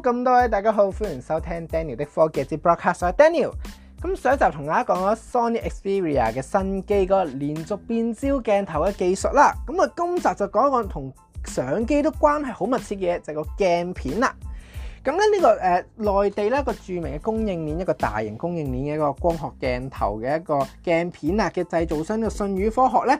咁多位大家好，歡迎收聽 Daniel 的科技節 broadcast。我係 Daniel。咁上一集同大家講咗 Sony Xperia 嘅新機嗰、這個連續變焦鏡頭嘅技術啦。咁啊，今集就講一個同相機都關係好密切嘅嘢，就係、個鏡片啦。咁咧呢個誒、呃，內地咧一個著名嘅供應鏈，一個大型供應鏈嘅一個光學鏡頭嘅一個鏡片啊嘅製造商，呢、這個信宇科學咧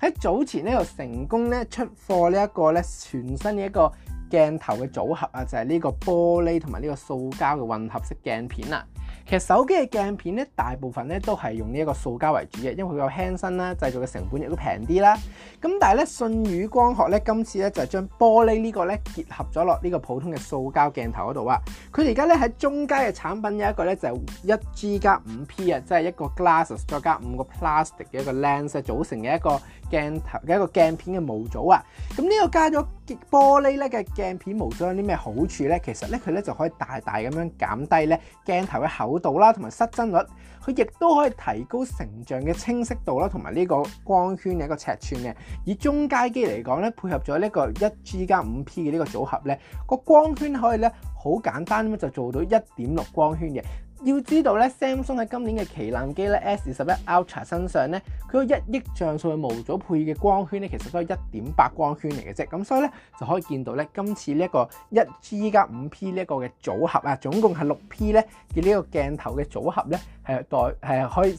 喺早前咧就成功咧出貨呢、這個、一個咧全新嘅一個。鏡頭嘅組合啊，就係呢個玻璃同埋呢個塑膠嘅混合式鏡片啊。其實手機嘅鏡片咧，大部分咧都係用呢一個塑膠為主嘅，因為佢有輕身啦，製造嘅成本亦都平啲啦。咁但係咧，信宇光學咧，今次咧就係將玻璃呢個咧結合咗落呢個普通嘅塑膠鏡頭嗰度啊。佢而家咧喺中階嘅產品有一個咧就一 G 加五 P 啊，即係一個 Glass 再加五個 Plastic 嘅一個 Lens 組成嘅一個鏡頭嘅一個鏡片嘅模組啊。咁呢個加咗玻璃咧嘅鏡片無咗有啲咩好處咧？其實咧佢咧就可以大大咁樣減低咧鏡頭嘅厚度啦，同埋失真率。佢亦都可以提高成像嘅清晰度啦，同埋呢個光圈嘅一個尺寸嘅。以中階機嚟講咧，配合咗呢個一 G 加五 P 嘅呢個組合咧，個光圈可以咧好簡單咁就做到一點六光圈嘅。要知道咧，Samsung 喺今年嘅旗艦機咧 S 二十一 Ultra 身上咧，佢個一億像素嘅模組配嘅光圈咧，其實都係一點八光圈嚟嘅啫。咁所以咧，就可以見到咧，今次呢一個一 G 加五 P 呢一個嘅組合啊，總共係六 P 咧嘅呢、這個鏡頭嘅組合咧，係代係可以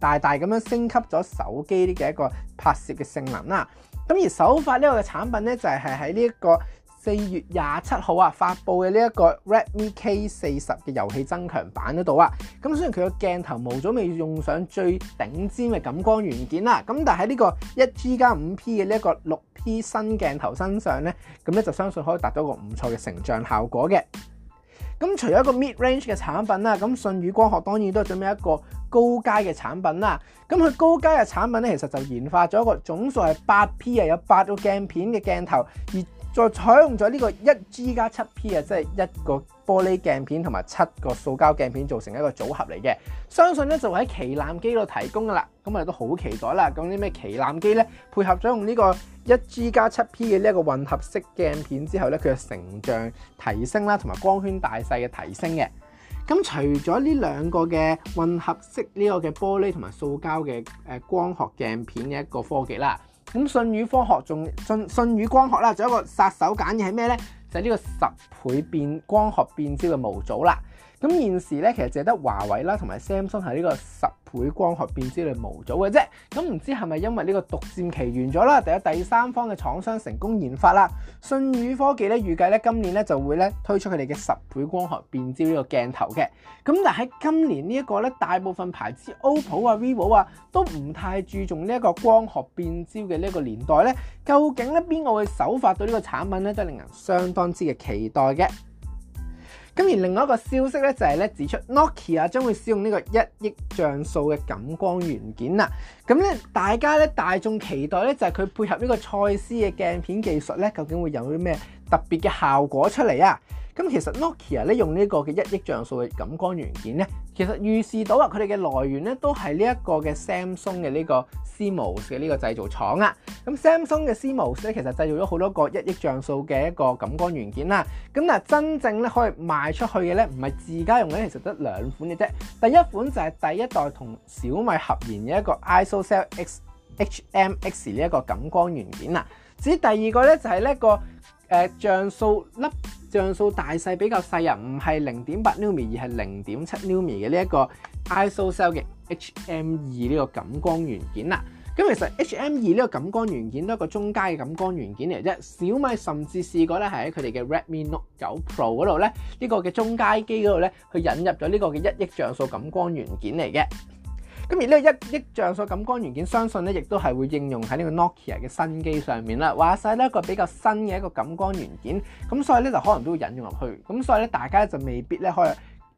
大大咁樣升級咗手機呢嘅一個拍攝嘅性能啦。咁而手法呢個嘅產品咧，就係喺呢一個。四月廿七號啊，發佈嘅呢一個 Redmi K 四十嘅遊戲增強版嗰度啊，咁雖然佢個鏡頭冇咗未用上最頂尖嘅感光元件啦，咁但係呢個一 G 加五 P 嘅呢一個六 P 新鏡頭身上咧，咁咧就相信可以達到一個唔錯嘅成像效果嘅。咁除咗一個 mid range 嘅產品啦，咁信宇光學當然都準備一個高階嘅產品啦。咁佢高階嘅產品咧，其實就研發咗一個總數係八 P 啊，有八個鏡片嘅鏡頭而，再採用咗呢個一 G 加七 P 啊，即係一個玻璃鏡片同埋七個塑膠鏡片做成一個組合嚟嘅，相信咧就會喺旗艦機度提供㗎喇，咁我哋都好期待啦。咁啲咩旗艦機咧，配合咗用呢個一 G 加七 P 嘅呢一個混合式鏡片之後咧，佢嘅成像提升啦，同埋光圈大細嘅提升嘅。咁除咗呢兩個嘅混合式呢個嘅玻璃同埋塑膠嘅誒光學鏡片嘅一個科技啦。咁信宇科學仲信信宇光學啦，仲有一個殺手鐧嘅係咩咧？就係、是、呢個十倍變光學變焦嘅模組啦。咁現時咧，其實淨係得華為啦，同埋 Samsung 係呢個十倍光學變焦模組嘅啫。咁唔知係咪因為呢個獨佔期完咗啦，就有第三方嘅廠商成功研發啦？信宇科技咧預計咧今年咧就會咧推出佢哋嘅十倍光學變焦呢個鏡頭嘅。咁但喺今年呢一個咧，大部分牌子 OPPO 啊、VIVO 啊都唔太注重呢一個光學變焦嘅呢一個年代咧，究竟咧邊個會手法對呢個產品咧都令人相當之嘅期待嘅。咁而另外一個消息咧就係咧指出，Nokia 啊將會使用呢個一億像素嘅感光元件啦。咁咧，大家咧大眾期待咧就係佢配合呢個蔡司嘅鏡片技術咧，究竟會有啲咩特別嘅效果出嚟啊？咁其實 Nokia 咧用呢一個嘅一億像素嘅感光元件咧，其實預示到啊，佢哋嘅來源咧都係呢一個嘅 Samsung 嘅呢個 CMOS 嘅呢個製造廠啊。咁 Samsung 嘅 CMOS 咧其實製造咗好多個一億像素嘅一個感光元件啦。咁嗱，真正咧可以賣出去嘅咧，唔係自家用嘅，其實得兩款嘅啫。第一款就係第一代同小米合研嘅一個 ISOCELL XHMX 呢一個感光元件啊。至於第二個咧就係呢一個。誒像素粒，像素大細比較細啊，唔係零點八 Nm，而係零點七 Nm 嘅呢一個 ISOCELL 嘅 HM 二呢個感光元件啦。咁其實 HM 二呢個感光元件都係一個中階嘅感光元件嚟啫。小米甚至試過咧，係喺佢哋嘅 Redmi Note 九 Pro 嗰度咧，呢個嘅中階機嗰度咧，佢引入咗呢個嘅一億像素感光元件嚟嘅。咁而呢個一億像素感光元件，相信咧亦都係會應用喺呢個 Nokia 嘅新機上面啦。話晒呢一個比較新嘅一個感光元件，咁所以咧就可能都會引用入去。咁所以咧大家咧就未必咧可以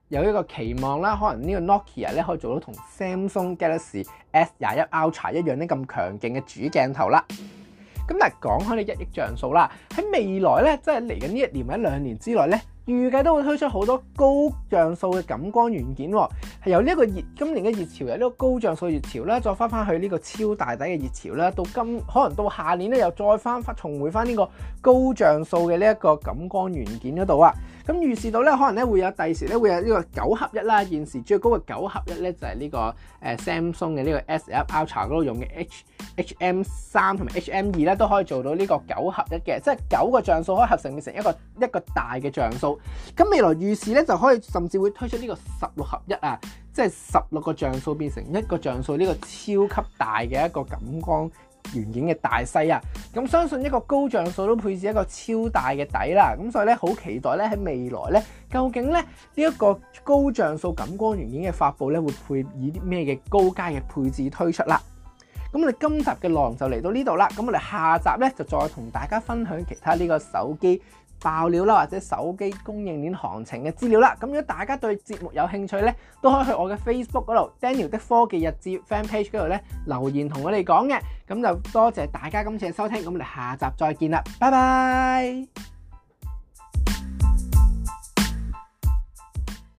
有一個期望啦。可能呢個 Nokia 咧可以做到同 Samsung Galaxy S 廿一 Ultra 一樣咧咁強勁嘅主鏡頭啦。咁但係講開呢一億像素啦，喺未來咧即係嚟緊呢一年或者兩年之內咧。預計都會推出好多高像素嘅感光元件，係由呢一個熱今年嘅熱潮，由呢個高像素熱潮咧，再翻翻去呢個超大底嘅熱潮咧，到今可能到下年咧，又再翻翻重回翻呢個高像素嘅呢一個感光元件嗰度啊。咁預示到咧，可能咧會有第時咧會有呢個九合一啦。現時最高嘅九合一咧就係、係、呢個誒 Samsung 嘅呢個 S1 Ultra 嗰度用嘅 H H M 三同埋 H M 二咧都可以做到呢個九合一嘅，即係九個像素可以合成變成一個一個大嘅像素。咁未來預示咧就可以甚至會推出呢個十六合一啊，即係十六個像素變成一個像素呢、呢個超級大嘅一個感光元件嘅大細啊，咁相信一個高像素都配置一個超大嘅底啦，咁所以咧好期待咧喺未來咧，究竟咧呢一個高像素感光元件嘅發布咧，會配以啲咩嘅高階嘅配置推出啦。咁我哋今集嘅內容就嚟到呢度啦，咁我哋下集咧就再同大家分享其他呢個手機爆料啦，或者手機供應鏈行情嘅資料啦。咁如果大家對節目有興趣咧，都可以去我嘅 Facebook 嗰度 Daniel 的科技日誌 Fan Page 嗰度咧留言同我哋講嘅。咁就多謝大家今次嘅收聽，咁我哋下集再見啦，拜拜。